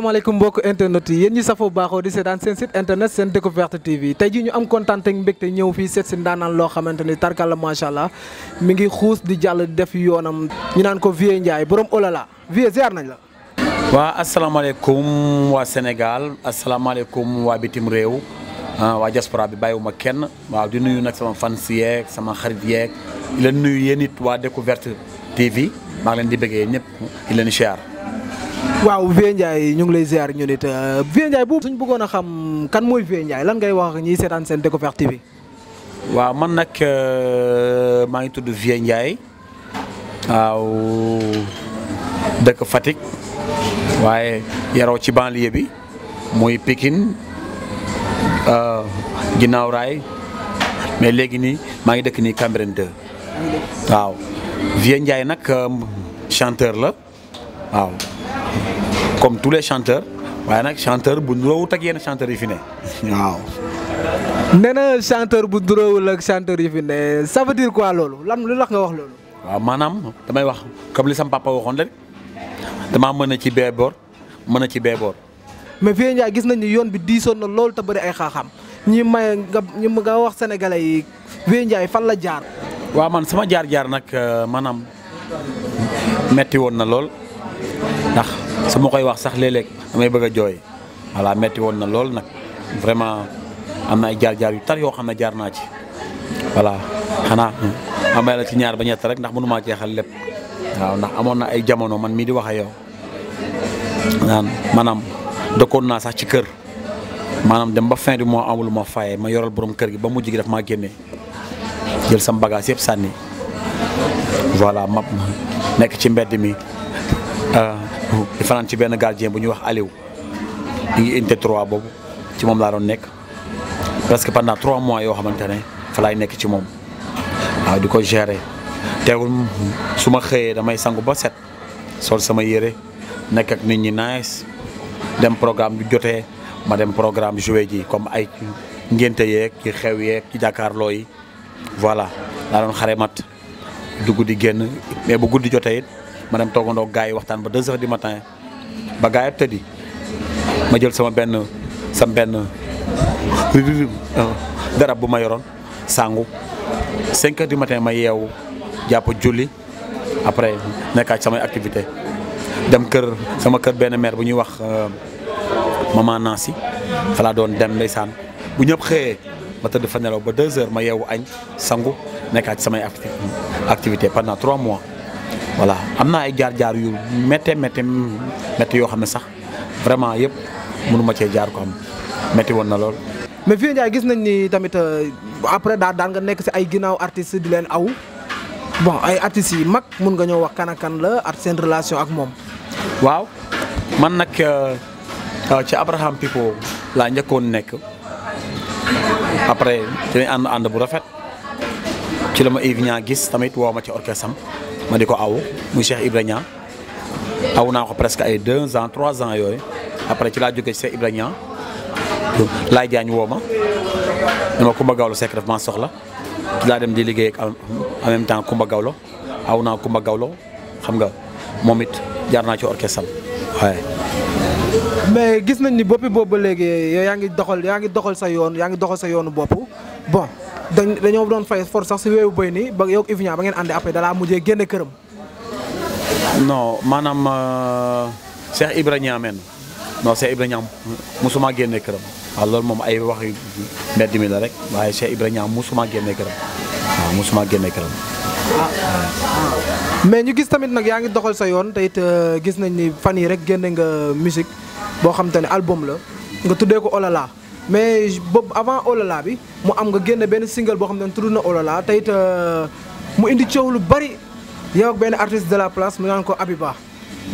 Assalamualaikum bokk internet yi yéen ñi safoo di sétan sen site internet sen découverte TV tay ji ñu am kontaan ak mbégte ñëw fi sét ci ndaanaan lo xamanteni ni ma sha allah mi ngi xoos di jall def yoonam ñu nan ko vie ndjay borom olala vie ziar nañ la. wa senegal. wa Sénégal assalamualaikum wa bitim rew ah, wa diaspora bi bayuma kenn wa di nuyu nak sama fans sama xarit yeeg di leen nuyu yéen it découverte TV ma ngi leen di bëggee ñep ila ni share waaw Vieux Ndiaye ñu ngi lay ziar ñu nit euh, Vieux Ndiaye bu suñ bëggoon a xam kan mooy Vieux Ndiaye lan ngay wax ñiy seetaan seen découverte TV. waaw man nag euh, maa ngi tudd Vieux Ndiaye waaw dëkk Fatick waaye yaroo ci banlieue bi muy Pikine euh, ginnaaw raay mais léegi nii maa ngi dëkk nii Cambérène 2 waaw Vieux Ndiaye nag chanteur la waaw. comme tous les chanteurs waaye nag chanteur bu nuroowut ak yenn chanteur yi fi ne waaw. nee na chanteur bu nuroowul ak chanteur yi fi ne ça veut quoi loolu lan lu tax nga wax loolu. waaw maanaam damay wax comme li sam papa waxoon rek damaa mën a ci bee mën na ci bee mais Vieux Ndiaye gis nañu yoon bi diisoon na loolu te bari ay xaaxaam ñii may nga ñi wax sénégalais yi Vieux Ndiaye fan la jaar. waa man sama jaar-jaar nag euh, maanaam metti woon na lool ndax sama koy wax sax léeg-léeg bëgg joy jooy metti won na lool nak vraiment amna ay jaar-jaar yu tar yo xamna jaar na ci wala xana amay la ci ñaar ba ñett rek ndax ci xal lepp waaw ndax amon na ay jamono man mi di wax ayo nan manam de ko na sax ci kër manam dem ba fin du mois amul ma fayé ma yoral borom kër gi ba mujj gi daf ma génné jël sam bagage yépp sanni voilà ma nek ci mi Euh, oh, di fanaan ci benn gardien bu ñuy wax Aliou ñu ngi unité boobu ci moom laa doon nekk presque pendant 3 mois yoo xamante ne fa nekk ci moom waaw di ko gérer teewul su ma xëyee damay sangu ba set sol sama yére nekk ak nit ñi nice dem programme bi jotee ma dem programme joué ji comme ay ngénte yeeg ci xew yeeg ci jàkkaarloo yi voilà laa doon xare mat du guddi génn mais bu guddi jotee manam dem toogandoo gars yi ba 2 h du matin ba gaay yi tëddi ma jël sama ben sama ben dara bu ma yoroon sangu 5 h du matin ma yew japp julli après nekkaat sama activité dem keur sama keur ben mère bu ñuy wax euh, mama Nancy fa laa doon dem ndaysan bu ñep xé ma teud fa nelaw ba 2 h ma yew añ sangu nekkaat samay activité pendant 3 mois. voilà am naa ay jaar-jaar yu méttee méttee yoo xam ne sax vraiment yëpp mënu cee jaar ko am métti woon na lool. mais Vieux Ndiaye gis nañ ni tamit euh, après daal daan nga nekk si ay ginnaaw artistes di leen aw bon ay artistes yi mag mun nga ñëw wax kan la ak seen relation ak moom. waaw man nag euh, euh, ci Abraham Pipo laa njëkkoon nekk après ànd ànd bu rafet ci la ma Yves Niang gis tamit woo ma ci orchestre am ma di aw Monsieur Cheikh Ibrahima aw presque deux ans trois ans après ci laa jógee Cheikh Ibrahima ma Kumba Gawlo dit soxla da dem di en même temps Kumba Gawlo aw Kumba Gawlo xam nga momit ci orchestre mais gis nañ ni bopi doxal sa sa bon. dañu doon fay force sax ci wéewu boy ni ba yow Iviña ba ngeen àndee après ya la mujjé génné kërëm non manam Cheikh eh, ibrahima ah, ah. men non Cheikh ibrahima musuma génné kërëm waaw loolu moom ay wax yu mbedd mi la rek waye Cheikh ibrahima musuma génné kërëm musuma génné kërëm mais ñu gis tamit nak yaangi doxal sa yoon tayit eh, gis nañ ni fan yi rek génné nga musique bo xam tane album la nga tuddé ko Olala. mais boobu avant olala bi mu am nga génn ben single bo xam ne tudd na olala te euh, mu indi ciow lu bari yow ben artiste de la place mu naan ko Abiba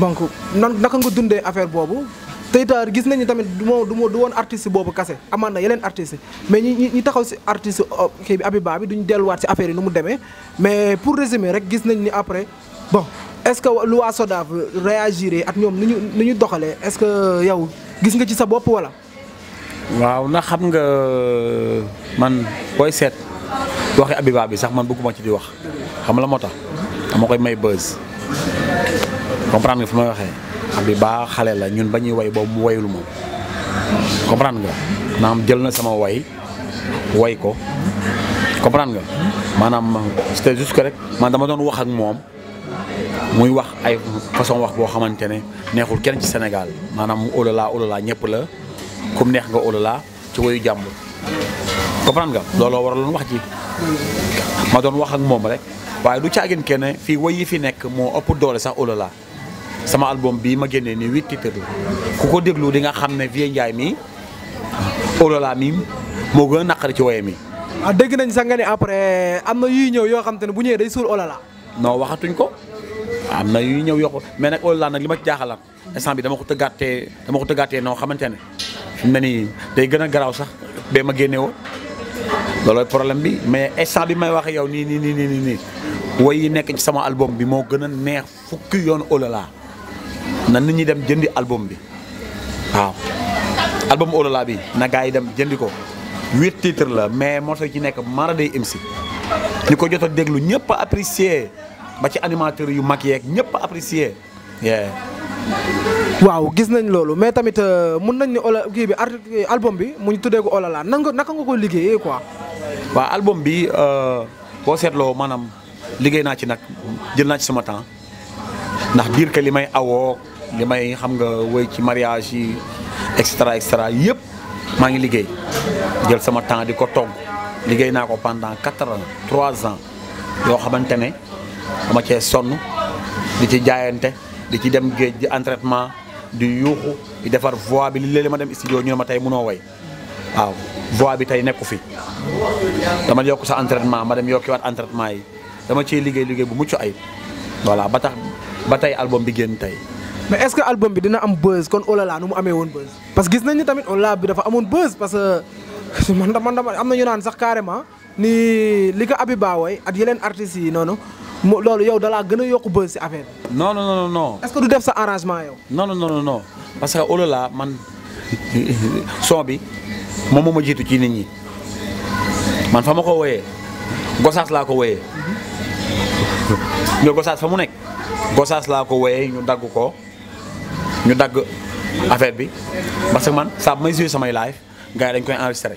donc nan naka nga dundé affaire bobu te it euh, gis nañu tamit du moo du woon artiste bobu cassé amana yelen artiste mais ñi ñi taxaw si artiste euh, kii bi Abiba bi duñu delluwaat ci affaire yi nu mu demee mais pour résumer rek gis nañ ni après bon est-ce que loi waa SODAV ak ñom ni ñu ñu doxalee est-ce que yow gis nga ci sa bopp wala waaw na xam nga man booy set waxe Abiba bi sax man bëgguma ci di wax xam la motax dama koy may buzz comprendre nga fuma waxe Abiba xalé la ñun bañuy way bo mu wayul moom comprendre nga naam jël na sama way way ko comprendre nga manam c'était juste que rek man dama doon wax ak mom muy wax ay façon wax bo xamantene neexul kenn ci Sénégal maanaam olala olala ñepp la kum neex nga olala ci woyu jàmbur comprendre nga looloo waraloon wax ji ma doon wax ak moom rek waaye du caagin kenn fii woy yi fi nekk moo ëpp doole sax olala sama album bii ma génnee ni huit titres ku ko déglu di nga xam ne Vieux njaay mii olala mii moo gën a ci woye mi waaw ah, dégg nañ sax nga après am na yuy ñëw yoo xam ne bu ñëwee day suul olala noo waxatuñ ko am na yuy ñëw yoo ko mais nag olala nag li ma ci jaaxalan bi dama ko tëggaatee dama ko tëggaatee noo xamante ne fi mu ne nii day gën a garaaw sax bee ma génne woon loolooy problème bi mais instant bi may wax yow nii nii nii nii nii woy yi nekk ci sama album bi moo gën a neex fukki yoon olala na nit ñi dem jëndi album bi waaw album olala bi nagaa yi dem jëndi ko huit titres la mais morceau ci nekk mara day MC ñu ko jot a déglu ñëpp a ba ci animateurs yu mag yeeg ñëpp a apprécier waaw gis nañ loolu mais tamit euh, mun nañ ne ola kii bi album bi mu ñu tuddee ko olala nan nga naka nga ko liggéeyee quoi. waaw album bi euh, boo seetloo maanaam liggéey naa ci nag jël naa ci sama temps ndax biir que li may awoo li may xam nga woy ci mariage yi extra extra et yëpp maa ngi liggéey jël sama temps di ko togg liggéey naa ko pendant quatre ans trois ans yoo xamante ne dama cee sonn di ci jaayante di ci dem géej di entraînement. di yuuxu di defar voix bi li léeg ma dem studio ñu ne ma tey mënoo way waaw voix bi tey nekku fi dama yokk sa entraînement ma dem yokkiwaat entraînement yi dama ciy liggéey liggéey bu mucc ayib voilà ba tax ba tey album bi génn tey. mais est-ce que album bi dina am buzz kon olala oh nu mu amee woon buzz parce que gis nañ ni tamit olala oh, bi dafa amoon buzz parce que man man dama am na ñu naan sax carrément. ni li ko baa woy ak yeneen artistes yi noonu mu loolu yow dalaa gën a yokk bës si affaire bi. non non non non. est du def sa arrangement yow. non non non parce que au oh laa man son bi moom ma jiitu ci nit ñi man fa ma ko wooyee gosaas laa ko wooyee nga gosaas fa mu nekk gosaas laa ko wooyee ñu dagg ko ñu dagg affaire bi parce que man saa bu may jouer samay live gars yi dañ koy enregistré.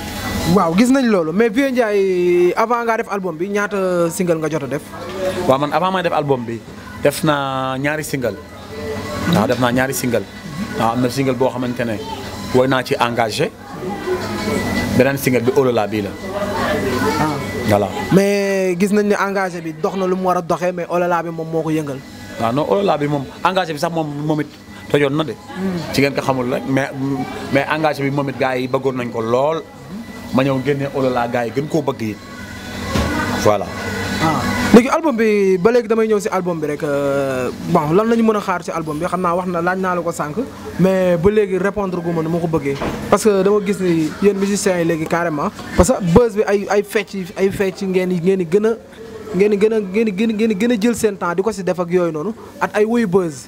waaw gis nañ loolu mais Vieux Ndiaye avant ngaa def album bi ñaata single nga jot a def. waaw man avant may def album bi def na ñaari single. waaw def naa ñaari single. am na single boo xamante ne woy naa ci engagé beneen single bi olola bii la. Ah. voilà mais gis nañ ne engagé bi dox na lu mu war a doxee mais olola bi moom moo ko yëngal. waaw non olola bi moom engagé bi sax moom moom it na de. Hmm. ci ngeen ko xamul rek mais mais engagé bi moom it gars yi bëggoon nañ ko lool. ma ñëw génne ololaa gars yi gën koo bëgg yi voilà. Ah. léegi album bi ba léegi damay ñëw si album bi rek euh, bon lan la mën a xaar si album bi xam naa wax na laaj naa la ko sànq mais ba léegi répondre gu ma ni moo ko bëggee parce que dama gis ni yéen musiciens yi léegi carrément parce que buzz bi ay ay fecc ay fecc ngeen ngeen di gën a ngeen di gën a ngeen di gën a gën a jël seen temps di ko si def ak yooyu noonu at ay woyu buzz.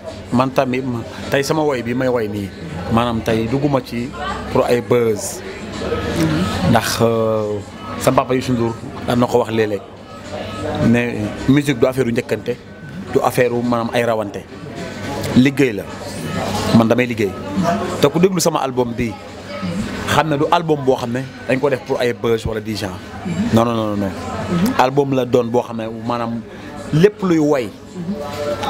man tamit tey sama woy bi may woy nii maanaam tey dugguma ci pour ay buzz ndax euh, sa papa Youssou Ndour daan ko wax léeg-léeg ne musique du affaire u njëkkante du affaire u maanaam ay rawante liggéey la man damay liggéey te ku déglu sama album bi xam ne du album boo xam ne dañ ko def pour ay buzz wala di genre non non non mm-hmm. album la doon boo xam ne maanaam lépp luy woy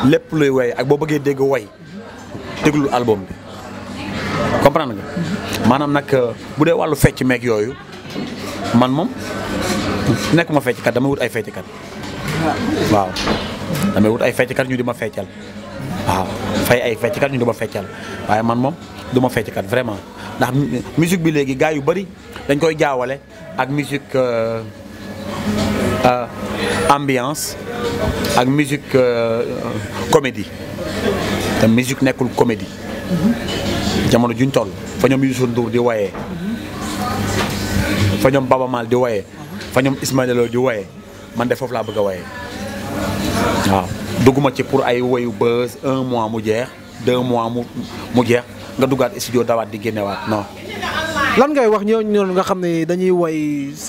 lépp luy woy ak boo bëggee dégg woy déglu album bi comprendre nga maanaam nag euh, bu dee wàllu fecc meeg yooyu man moom nekk ma fecckat damay wut ay fecckat waaw damay wut ay fecckat ñu di ma feccal waaw fay ay fecckat ñu di ma feccal waaye man moom duma fecckat vraiment ndax musique bi léegi gars yu bari dañ koy jaawale ak musique euh, Euh, ambiance et musique euh, comédie La musique qu'une comédie jamono juñ toll Youssou a di Baba Mal di Il y a Ismaël Lo di man Il bëgg a waaw pour ay woyu buzz un mois mu deux mois mu mu a nga studio non lan ngay wax ñooñu noonu nga xam ne dañuy woy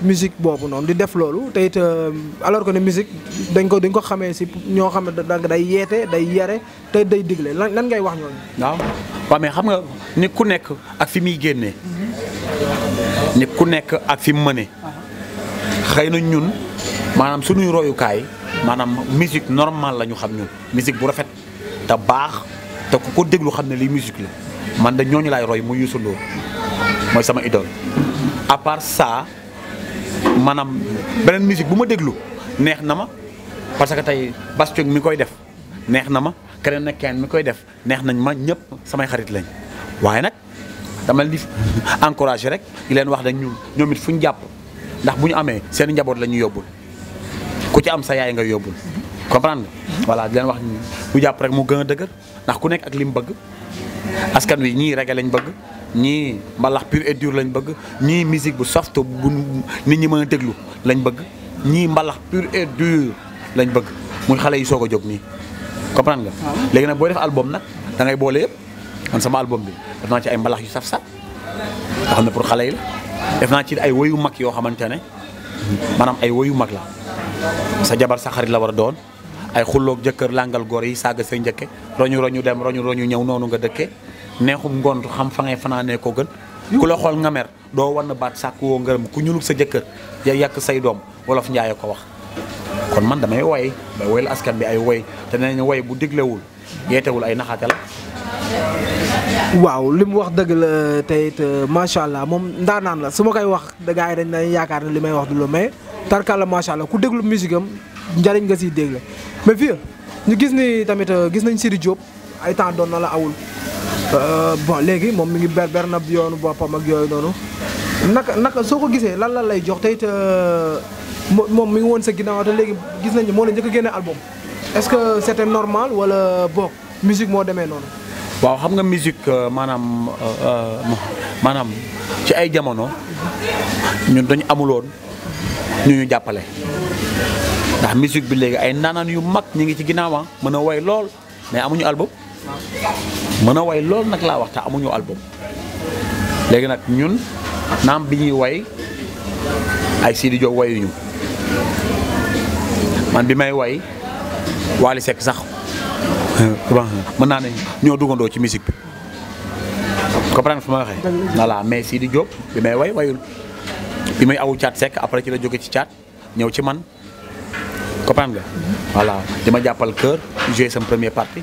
musique boobu noonu di def loolu tey it euh, alors que ne musique dañ ko dañ ko xamee si ñoo xam ne da day yeete day yare te day digle lan lan ngay wax ñooñu. waaw waaw mais xam nga nit ku nekk ak fi muy génnee. nit ku nekk ak fi mu mënee. xëy na ñun maanaam suñuy royukaay maanaam musique normale la ñu xam ñun musique bu rafet te baax te ku ko déglu xam ne lii musique la man da ñooñu lay roy mu Youssou moy sama idole à part ça manam benen musique buma ma neex na ma parce que tay bastion mi koy def neex na ma keneen nek ken mi koy def neex nañ ma ñëpp sama xarit lañ waye nak dama leen di encouragé rek di len wax rek ñu ñomit it japp ndax buñu amé amee seen njaboot la ku ci am sa yaay nga yobul comprendre nga voilà di len wax ñu japp rek mu gëna deugar ndax ku nek ak lim bëgg askan wi ñi ragal lañ bëgg ñii mbalax pur et dur lañ bëgg ñii musique bu soft bu nit ñi mën a déglu lañ bëgg ñii mbalax pur et dur lañ bëgg muy xale yi soog a jóg nii comprendre nga. léegi nag booy def album nag da boole yëpp man sama album bi def naa ci ay mbalax yu saf saf xam ne pour xale yi la naa ci ay woyu mag yoo xamante ne maanaam ay woyu mag la sa jabar sa xarit la war a doon ay xulloog jëkkër làngal góor yi saaga say njëkke roñu roñu dem roñu roñu ñëw noonu nga dëkke neexum ngont xam fa ngay fanane ko gën ku la xol nga mer doo war na baat sàkk woo ku ñuluk sa jëkkeer ya yak say doom wolof njaaye ko wax kon man damay way ba woyal askan bi ay way te nañ way bu diglewul yeetewul ay naxaate la waaw lim wax deug la teyit macha allah moom la suma kay wax da gaay dañ lay yaakar ne may wax du la may tarkal la macha allah ku deglu musique am njariñ nga ci dégg mais fii ñu gis ni tamit gis nañ serigne Diop ay temps na la awul Euh, bon léegi moom mi ngi berber na bi yoonu boppam ak yooyu noonu naka naka soo ko gisee lan lan lay jox tey it euh, moom mi ngi woon sa ginnaaw te léegi gis nañu moo la njëkk a génne album est-ce que c'était normal wala boog musique moo demee noonu. waaw xam nga musique euh, maanaam maanaam ci ay jamono ñun dañu amuloon ñu ñu jàppale ndax musique bi léegi ay naanaan yu mag ñu ngi ci ginnaaw ah, mën a woy lool mais amuñu album. mën a way loolu nag laa wax te amuñu album léegi nag ñun naam bi ñuy way ay Sidi Diop wayuñu man bi may way Wally Seck sax mën naa ne ñoo duggandoo ci musique bi comprendre fi ma waxee voilà mais siidi Diop bi may way wayul bi may awu caat Seck après ci la jóge ci caat ñëw ci man comprendre nga voilà di ma jàppal kër joué sama premier partie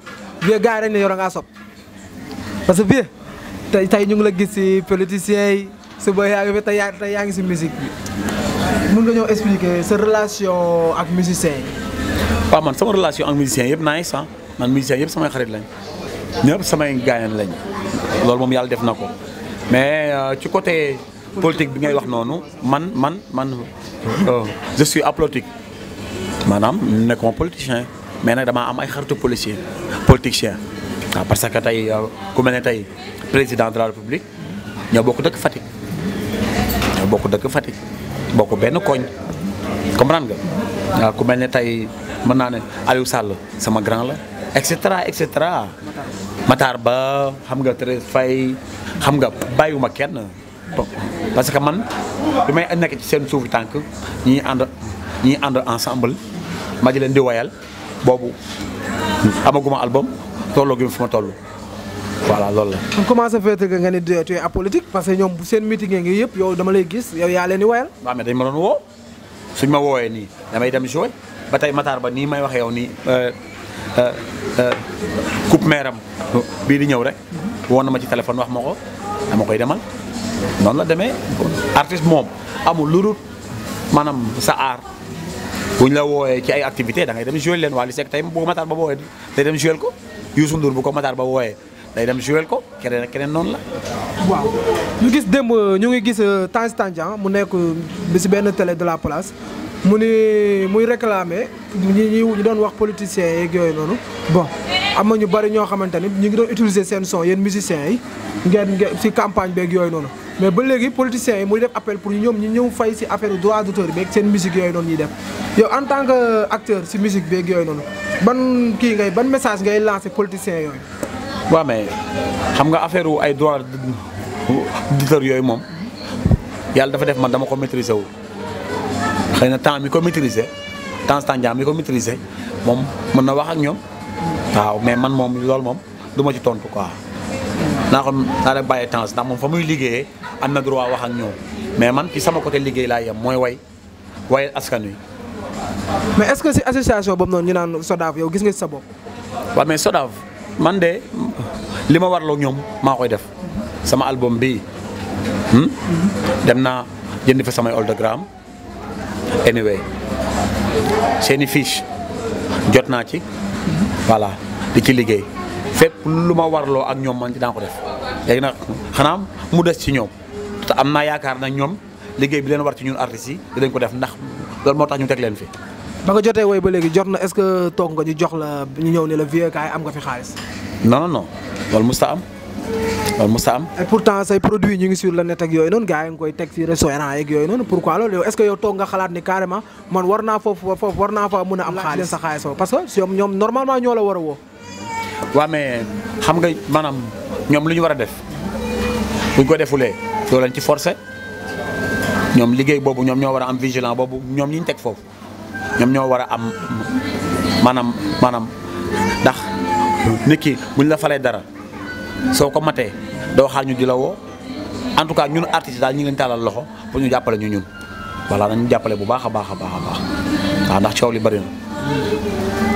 vie gars yi dañ ne yow sob parce que vie tey tey ñu ngi la gis si politiciens yi suba yaa ngi fi tey yaa tey yaa ngi si musique bi mën nga ñëw expliquer sa relation ak musiciens yi. waaw man sama relation ak musiciens yëpp naa ngi sax man musiciens yëpp samay xarit lañ ñëpp samay gaañan lañ loolu moom yàlla def na ko mais euh, ci côté. politique bi ngay wax noonu man man man euh, je suis apolitique maanaam nekkuma politicien. mais nak dama am ay xartu policier ya, politicien ya. waaw parce que tay iya, ku melni tay iya, président de la république ño bokku deuk fatik ño bokku deuk fatik bokku ben koñ comprendre nga waaw nah, ku melni iya, tay tey mën ne Aliou Sall sama grand la et cetera et cetera Matar Ba xam nga très fay xam nga bayuma nah. kenn parce que man bi may ci sen souf tank ñi ànd ñi ànd ensemble ma di len di wayal boobu amaguma album tolloo gi fi ma toll voilà loolu la. kon comment ça fait que nga ni tu es apolitique parce que ñoom seen meeting ngi yëpp yow dama lay gis yow yaa leen di woyal. waaw mais dañ ma doon woo suñ ma woowee nii damay dem jouer ba tey mataar ba nii may waxee yow nii euh, euh, euh, coupe meeram bii di ñëw rek woon na ma ci téléphone wax ma ko dama koy demal noonu la demee artiste moom amul lu dul maanaam sa aar. buñ la wowe ci ay activité da ngay dem jouer len walisek tay tey bu Matar Ba wooyee day dem jouer ko Youssou Ndour bu ko Matar Ba wooyee day dem jouer ko keneen ak keneen noonu la. waaw ñu gis dem ñu ngi gis euh, temps Tandian mu nekk euh, si ben télé de la place mu ni muy réclamer ñi ñu doon wax politiciens yeeg yoy nonu bon am na ñu bari ño xamanteni ni ñu ngi doon utiliser sen son yeen musiciens yi ngeen ngeen si campagne beeg yoy nonu mais ba léegi politiciens yi muy def appel pour ñoom ñu ñëw fay si affaire droit d'auteur beeg seen musique yooyu noonu ñuy def yow en tant que acteur si musique beeg yooyu noonu ban kii ngay ban message ngay lancé politiciens yooyu. waaw mais xam nga affaire wu ay droit d'auteur yooyu moom yàlla dafa def man dama ko maîtriser wu xëy na temps mi ko maîtriser temps temps mi ko maîtriser moom mën na wax ak ñoom waaw mais man moom loolu moom duma ci tontu quoi. naa ko naa leen bàyyi temps ndax moom fa muy liggéeye am na droit wax ak ñoom mais man ci sama côté liggéey laa yem mooy way waye askan wi. mais est-ce que si association boobu noonu ñu naan SODAV yow gis nga sa bopp. waaw mais SODAV man de li ma warloo ñoom maa koy def sama album bii hmm? dem naa jënd fa samay oldogram anyway seeni fiche jot naa ci voilà di ci liggéey. fépp lu ma warloo ak ñoom man dinaa ko def léegi na xanaa mu des ci ñoom te am naa yaakaar nag ñoom liggéey bi leen war ci ñun artistes yi dinañ ko def ndax loolu moo tax ñu teg leen fi. ba nga jotee woy ba léegi jot na est-ce que toog nga jox la ñëw ne la vieux kaay am nga fi xaalis. non non non loolu mosut am loolu pourtant say produits ñu ngi sur le net yooyu noonu gars yi nga koy teg fii restaurant yeeg yooyu noonu pourquoi loolu yow est-ce que yow a war woo waa mais xam nga maanaam ñoom lu ñu war a def buñ ko defulee doo ci force ñoom liggéey boobu ñoom ñoo war a am vigilant boobu ñoom ñi ñu teg foofu ñoom ñoo war a am maanaam maanaam ndax nit ki buñ la falee dara soo ko matee doo xaar ñu di la woo en tout cas ñun artiste daal ñu ngi leen loxo pour ñu jàppale ñu ñun voilà nañu jàppale bu baax a baax a baax a baax waaw ndax coow li bëri na.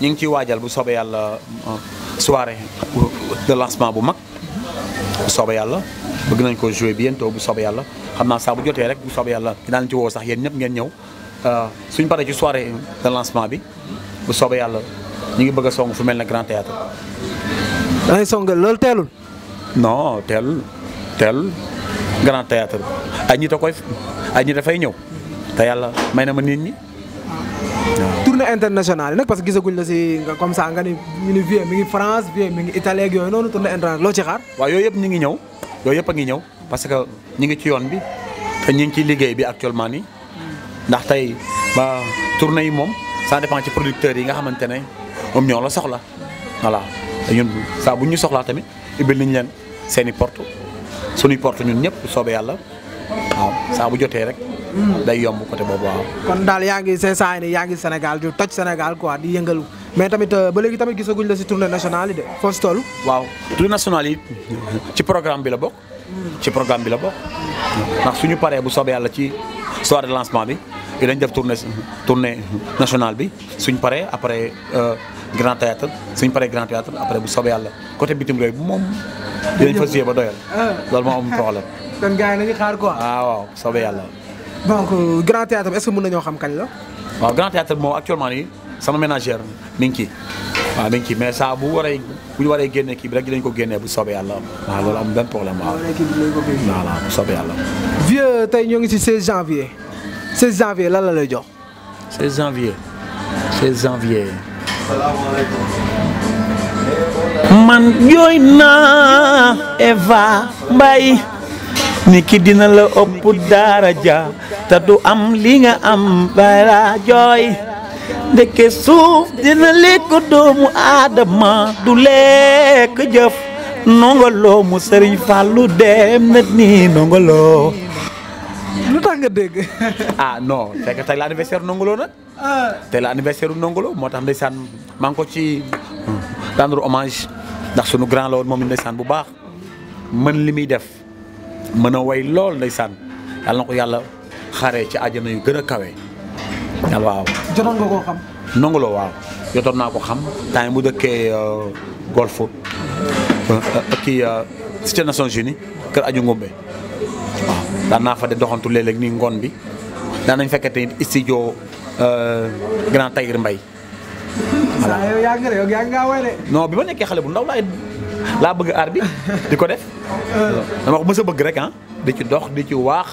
ñu ngi ciy waajal bu soobee yàlla euh, soirée de bu mag bu soobee yàlla bëgg nañ ko bi yen bientôt bu soobee yàlla xam naa saa bu jotee rek bu soobee yàlla ci woo sax yéen ñëpp ngeen ñëw euh, suñ paree ci soirée de bi bu soobee yàlla ñu ngi bëgg a song fu mel ne grand théâtre da ngay songal loolu teelul. non teelul grand théâtre ay ñi koy ay ñi dafay ñëw te yàlla may na ma nit ñi international nak parce que gisaguñ la ci comme ça nga ni ñu ni vie mi ngi France vie mi ngi Italie ak yooyu noonu tournée international loo ci xaar. wa yooyu yep ñu ngi ñew yooyu yep ngi ñew parce que ñi ngi ci yoon bi te ñi ngi ci liguey bi actuellement ni ndax tay ba tournée yi moom ça dépend ci producteur yi nga xamantene mom ñoo la soxla voilà ñun sa bu ñu soxla tamit ubbil niñ len seni porte suñu porte ñun ñep sobe yalla waaw saa bu joté rek. day yomb côté boobu waaw. kon daal yaa ngi say saa yi yaa ngi Sénégal di toj Sénégal quoi di yëngalu mais tamit euh, ba léegi tamit gisaguñ la si tournée nationale yi de foo si toll. waaw tournée national yi ci programme bi la bokk. ci programme bi la bokk. ndax suñu paree bu soobee yàlla ci soirée de lancement bi dañ def tournée tournée nationale bi suñ paree après euh, grand théâtre suñ paree grand théâtre après bu soobee yàlla côté bitim réew bi moom. dinañ fa siyee ba doyal. Ah. loolu moo am problème. kon gars yi ah, soobee yàlla. donc euh, grand théâtre est ce que mën nañoo xam kañ la. grand théâtre bi actuellement c'est sama ménagère Minky. ngi Minky, mais ça, bu waree bu ñu waree génne kii bi rek dinañ ko génne bu soobee voilà, waaw loolu am benn problème waaw. voilà bu soobee yàlla. vieux tey ñoo ngi 16 janvier 16 janvier lan la lay jox. 16 janvier 16 janvier. man yooy naa Eva Mbaye. niki dina la ëpp daraja ta du am li nga am bala jooy ndeke souf dina lekk doomu adama du lekk jëf nongoloo mu sëriñ fallu dem na ni nongolo lu tax deg ah no fekk tey la anniversaire nongoloo nag ah. tey la anniversaire u nongoloo ko ci rendre hommage ndax sunu grand lord momi moom bu bax man limi def mën a way lool ndeysaan yalla na ko yàlla ci aljana yu gëna kawé kawe waaw. jotone nga ko xam. nangu la waaw jotone nako ko xam temps bu dëkkee euh, golf euh, euh, kii ci Nations Unies kër aju ngombe da na fa de doxantu léeg ni ngon bi da nañ fekkee tamit studio grand tayir mbay voilà non bi ma nekké xalé bu ndaw laay. laa bëgg aar bi di ko def dama ko mës bëgg rek ah di ci dox di ci waax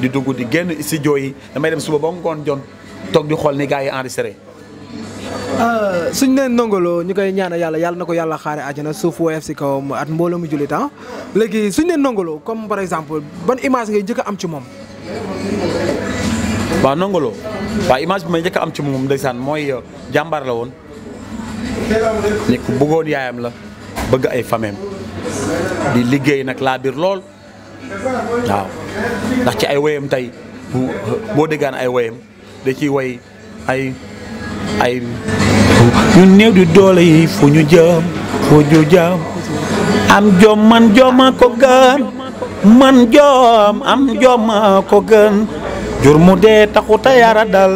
di dugg di génn studio yi damay dem suba ba ngoon joon toog di xol ni gaa yi enregistré euh, suñ neen ndongolo ñu koy ñaanal yàlla yàlla na ko yàlla xaare àjjana suuf si kawam at mbooloo mu jullit ah léegi suñ neen ndongolo comme par exemple ban image ngay njëkk am ci moom waaw ndongolo waaw image bi may njëkk am ci moom ndeysaan mooy euh, jàmbaar la woon nit ku yaayam la bëgg ay fameem di liggéey nag laa biir lool waaw ndax ci ay woyam tey boo déggaan ay woyam da ciy woy ay ay ñu néew di doole yi fu ñu jëm fu ñu jëm am jom man joma ko gën man ko gën jur mu dee taxuta yara dal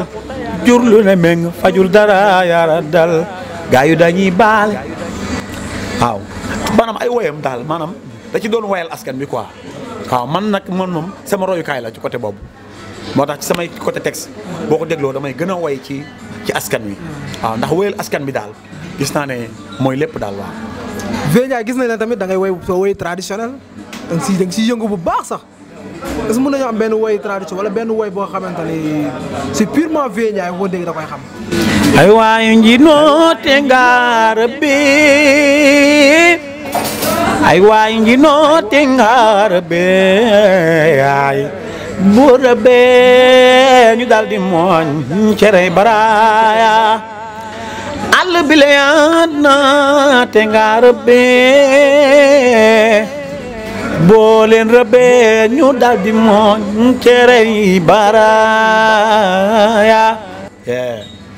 jur lu ne meng fajul dara yara dal gaayu dañuy baale waaw manam ay woyam dal, manam da ci doon woyal askan bi quoi waaw man nak man mom sama kay la ci côté bobu motax ci sama côté texte boko deglo damay gëna a woy ci ci askan wi waaw ndax woyal askan bi dal, gis na né moy lepp dal waaw. veña gis na la tamit da ngay woy so woy traditionnel dang nga dang da yëngu bu baax sax. est ce que mën am ben woy traditionnel wala ben woy bo xamante c'est purement veña wo dégg da koy xam. ay waayu njinote nga rabbi ay waayu njinote nga rabbi ay bu rabbi ñu daldi mooñ cerey baraya àll bi la yaat na te nga rabbi boo leen rëbbee daldi mooñ cerey baraya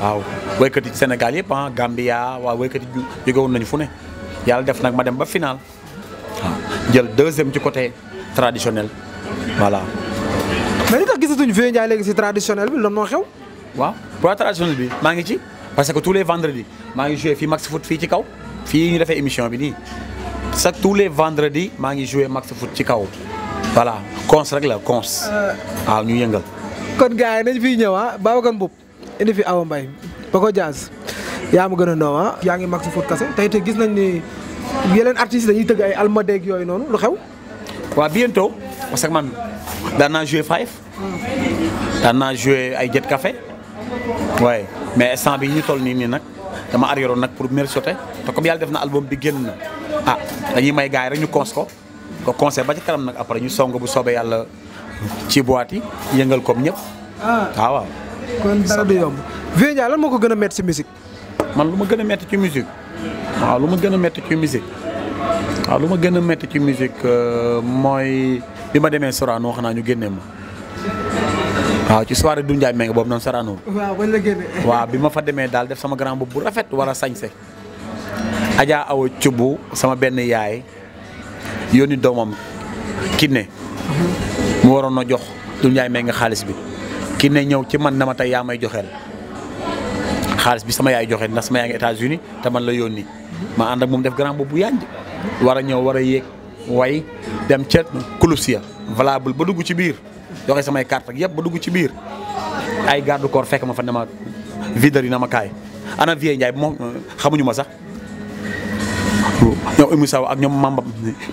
waaw waykat yi Sénégal yëpp ah Gambia waaw waykat yi jóge woon nañu fu ne yàlla def nag ma dem ba final waaw jël deuxième ci côté traditionnel voilà. mais li tax gisatuñu Vieux Ndiaye léegi si traditionnel bi lan moo xew. waaw pour traditionnel bi maa ngi ci parce que tous les vendredis maa ngi joué fii Max Foot fi ci kaw fii ñu defee émission bi nii chaque tous les vendredis maa ngi joué Max Foot ci kaw voilà cons rek la cons. Euh. waaw ñu yëngal. kon gars yi nañ fiy ñëw ah Babacar Mboup indi fi awa mbay bako jazz ya mu gëna a noo ah yaa ngi mag si foot kase tay tay gis nañ ni yeneen artiste dañuy teug ay ak yoy noonu lu xew wa bientôt parce que man dana jouer five dana jouer ay jet café waaye mais instant bi ñu toll ni ni nak dama ar yoroon nak pour mer sote te comme yalla def na album bi genn ah dañuy may gaay rek ñu cons ko ko conseil ba ci kanam nak après ñu song bu sobe yalla ci boîte yi yëngal comme ñep ah. ah waaw kon dara du moo ko gën a métti ci musique man lu ma gën a métti ci musique waaw lu ma gën a métti ci musique waaw lu ma gën a métti ci musique euh, mooy bi ma demee Sorano xanaa ñu génne ma waaw ci soirée du Ndiaye Mbengue boobu noonu Sorano bi ma fa demee daal def sama grand boobu bu rafet war a sañse Adja Awa Cubb sama benn yaay yónni doomam Kiné mu waroon na jox du Ndiaye Mbengue xaalis bi ki ne ñëw ci man na ma tey yaa may joxeel xaalis bi sama yaay joxe ndax sama yaay nga États-Unis te man la yónni ma ànd moom def grand bu yànj war a ñëw war a yéeg way dem ca Koulousia valable ba dugg ci biir joxe samay carte ak yëpp ba dugg ci biir ay garde corps fekk ma fa ne ma videur ma kaay ana Vieux Ndiaye moom xamuñu ma sax ñoom Oumy Sow ak ñoom Mamba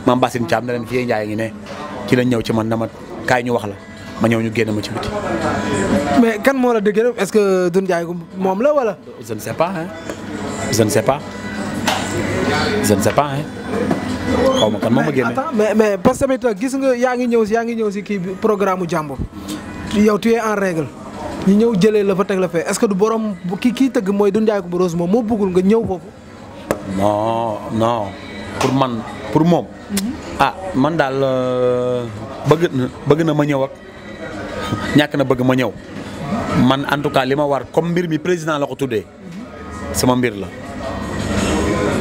Mamba Sine Thiam ne leen ngi ne ci la ñëw ci man na ma kaay ñu wax la. ma ñëw ñu génn ma ci biti. mais kan moo la dëgg est-ce que Doudou Ndiaye moom la wala. je ne sais pas hein je ne sais pas je ne sais pas hein xaw ma kan moom ma génne. mais mais parce que tamit gis nga yaa ngi ñëw si yaa ngi ñëw si kii programme mu jàmbur yow tu es en règle ñu ñëw jëlee la fa teg la fee est-ce que du borom ki kii tëgg mooy Doudou Ndiaye Coumba Rose moom moo bëggul nga ñëw foofu. non non pour man pour moom. Mhm. ah man daal euh, bëgg na bëgg na ma ñëw ak. ñak na bëgg ma ñëw man en tout cas lima war comme mbir mi président la ko tuddee sama mbir la.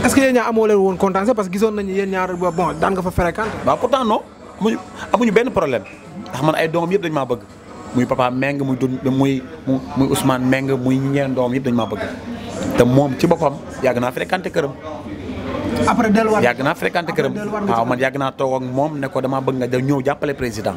est-ce que yéen ñaar amoo leen woon parce que gison nañu yeen ñaar bon daan nga fa fréquenté. ba pourtant non amuñu amuñu benn problème ndax man ay doomam yépp dañ ma bëgg muy papa Meng muy dund muy muy Ousmane Meng muy ñeen doomam yépp dañ ma bëgg té mom ci bopam yag na fréquenté kërëm après delwar yag na fréquenté kërëm waaw man yag na toog ak mom né ko dama bëgg nga ñëw jappalé président.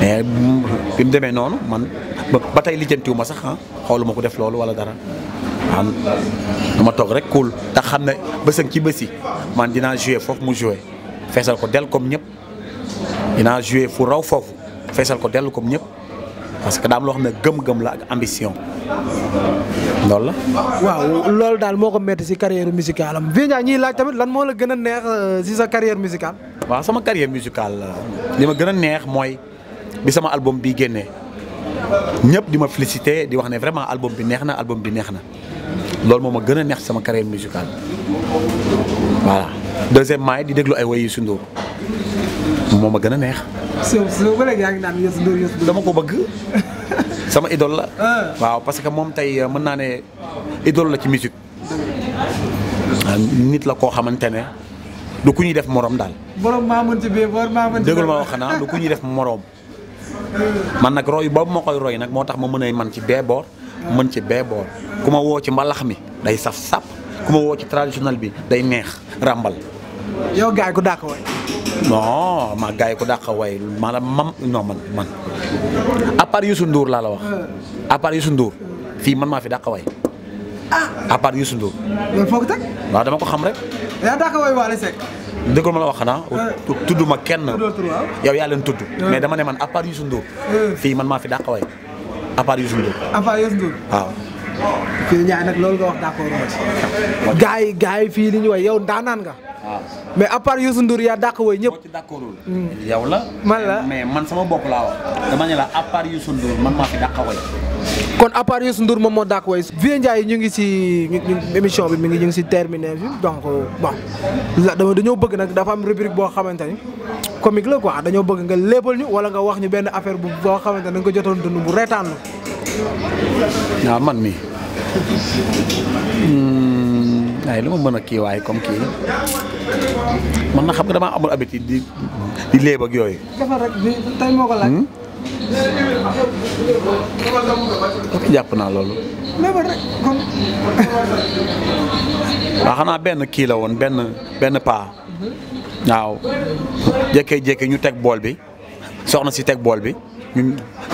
mais bi mu demee noonu man ba tey lijjantiwu ma sax ah, xooluma ko def loolu wala dara am ma toog rek kul tax xam ne bësëng ci bësi man dinaa joué foofu mu joué feesal ko del comme ñëpp dinaa joué fu raw foofu feesal ko dellu comme ñëpp parce que daam loo xam ne gëm-gëm la ak ambition loolu la. waaw loolu daal moo ko métti si carrière musicale am Vieux Ndiaye ñii laaj tamit lan moo la gën a neex si euh, sa carrière musicale. waaw sama carrière musicale euh, li ma gën a neex mooy. bi sama album bi génnee ñëpp di ma félicité di wax ne vraiment album bi neex na album bi neex na loolu moo ma gën a neex sama carrière musicale voilà deuxièmement di déglu ay woy ma gën a neex. dama ko bëgg sama idole la. Ah. waaw parce que moom tey mën naa ne idole la ci musique ah, nit la koo xamante ne du ku ñuy def morom daal. borom maa mën ci wax xanaa du ku ñuy def morom. man nag roy boobu ma koy roy nag moo tax ma mën a man ci bee boor mën ci bee boor ku ma woo ci mbalax mi day saf sap ku ma woo ci traditionnel bi day neex ràmbal yow gaay ku dàq way non ma gaay ku dàq way maanaam mam non man man à part Youssou laa la wax euh. à part Youssou fii man maa fi dàq way ah à part Youssou dama ko xam rek dëgg ma la wax xanaa eh. ma kenn yow yaa leen tudd eh. mais dama ne man à part Youssou Ndour eh. fii man maa fi dàq waay à part Youssou Ndour loolu nga wax d'accord yi gars yi fii li ñu way yow daanaan nga ah. mais à part Youssou Ndour yaa dàq way ñëpp hmm. yow la man la mais man sama bopp laa wax dama la à part man maa fi dàq kon à part Youssou moom moo dàq way Vieux Ndiaye ñu ngi si émission bi mi ngi ñu ngi si terminé bi donc euh, bon dañoo bëgg nag dafa am rubrique boo xamante ni comique la quoi dañoo bëgg nga léebal ñu wala nga wax ñu benn affaire bu boo xamante ne nga ko jotoon dund bu reetaan la. waaw ah, man mi waaye hmm, lu ma mën a kii waaye comme kii man na xam nga damaa amul habitude di di léeb yooyu. ok jàpp naa loolu. lebal xanaa benn kii la woon benn benn paa. waaw jékkee-jékkee ñu teg bool bi soxna si teg bool bi ñu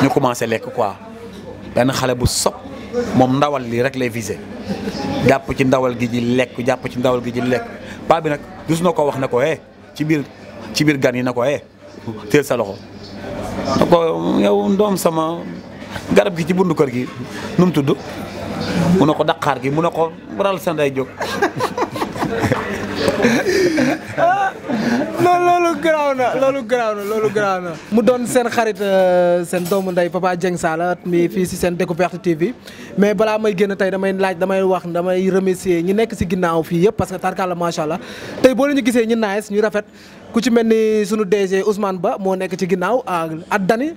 ñu commencé lekk quoi benn xale bu sob moom ndawal li rek lay visé jàpp ci ndawal gi ji lekk jàpp ci ndawal gi ji lekk paa bi nag dus na ko wax na ko eh ci biir ci biir gan yi na ko eh teel sa loxo. ko yow ndom sama garab gi ci bundu kër gi num tuddu munako dakar gi munako ne ko ral sa nday jóg loolu loolu garaaw na loolu garaaw mu don sen xarit euh, sen dom nday Papa jeng Sala mi fi ci sen découverte TV mais bala may génn tay damay laaj damay wax damay remercier ñi nek ci ginnaw fi yëpp parce que tarkala machallah tay bo leñu leen ñu gisee ñu nice ñu rafet ku ci mel ni sunu DG Ousmane Ba moo nekk ci ginnaaw ah, at dani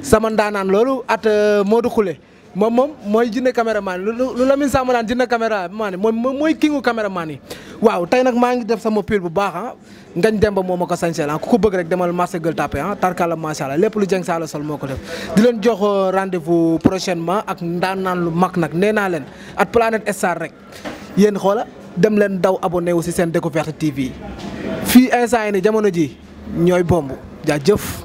sama ndaanaan loolu at moo euh, Modou xule moom moom mooy jinne caméraman lu lu Lamine Samba naan jinne caméraman moom mooy kingu caméraman yi waaw tey nag maa ngi def sama pile bu baax ah ngañ demba moo ma ko sañseel ah ku ko bëgg rek demal marché Gueule Tapée ah tarkala macha allah lépp lu jeng saala sol moo ko def di leen jox euh, rendez-vous prochainement ak ndaanaan lu mag nag nee naa leen at Planète Star rek yéen xoola dem leen daw abonné wu seen découverte TV fii instant yi ni jamono ji ñooy bomb jaa jëf